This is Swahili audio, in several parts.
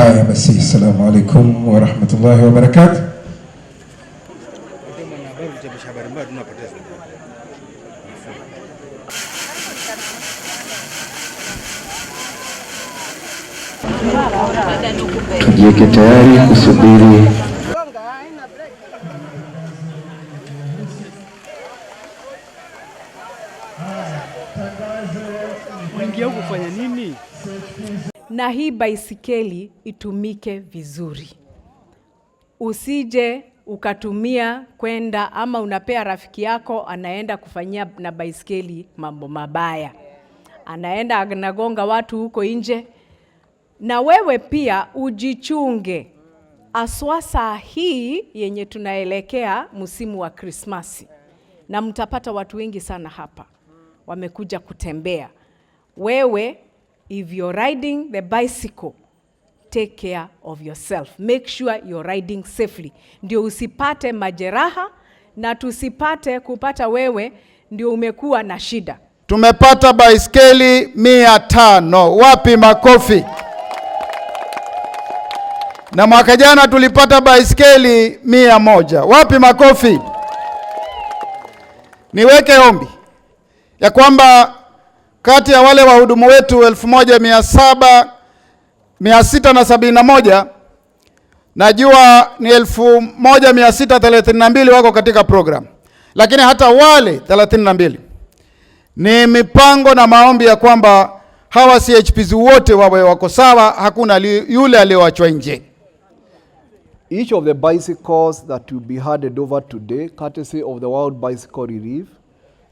Haya basi, assalamu alaikum warahmatullahi wabarakatu. Tujiweke tayari kusubiri na hii baisikeli itumike vizuri, usije ukatumia kwenda ama unapea rafiki yako anaenda kufanyia na baisikeli mambo mabaya, anaenda anagonga watu huko nje. Na wewe pia ujichunge, aswa saa hii yenye tunaelekea msimu wa Krismasi, na mtapata watu wengi sana hapa wamekuja kutembea wewe if you're riding the bicycle take care of yourself, make sure you're riding safely, ndio usipate majeraha na tusipate kupata wewe ndio umekuwa na shida. Tumepata baiskeli mia tano. Wapi makofi? Na mwaka jana tulipata baiskeli mia moja. Wapi makofi? Niweke ombi ya kwamba kati ya wale wahudumu wetu 1671 najua ni 1632 wako katika program, lakini hata wale 32 ni mipango na maombi ya kwamba hawa CHPs wote wawe wako sawa, hakuna li, yule aliyoachwa nje. Each of the bicycles that will be handed over today courtesy of the World Bicycle Relief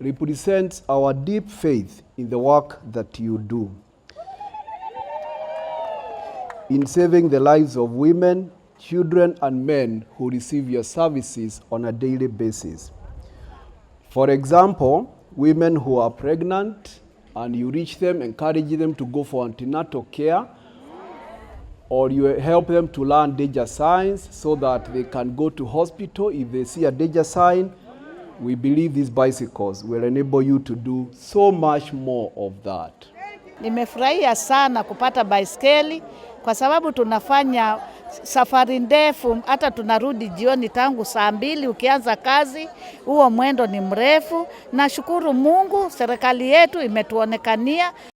represents our deep faith in the work that you do in saving the lives of women, children, and men who receive your services on a daily basis. For example, women who are pregnant and you reach them, encourage them to go for antenatal care, or you help them to learn danger signs so that they can go to hospital if they see a danger sign we believe these bicycles will enable you to do so much more of that. Nimefurahia sana kupata baiskeli kwa sababu tunafanya safari ndefu, hata tunarudi jioni tangu saa mbili ukianza kazi, huo mwendo ni mrefu. Nashukuru Mungu serikali yetu imetuonekania.